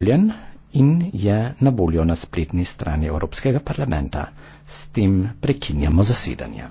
objavljen in je na voljo na spletni strani Evropskega parlamenta. S tem prekinjamo zasedanje.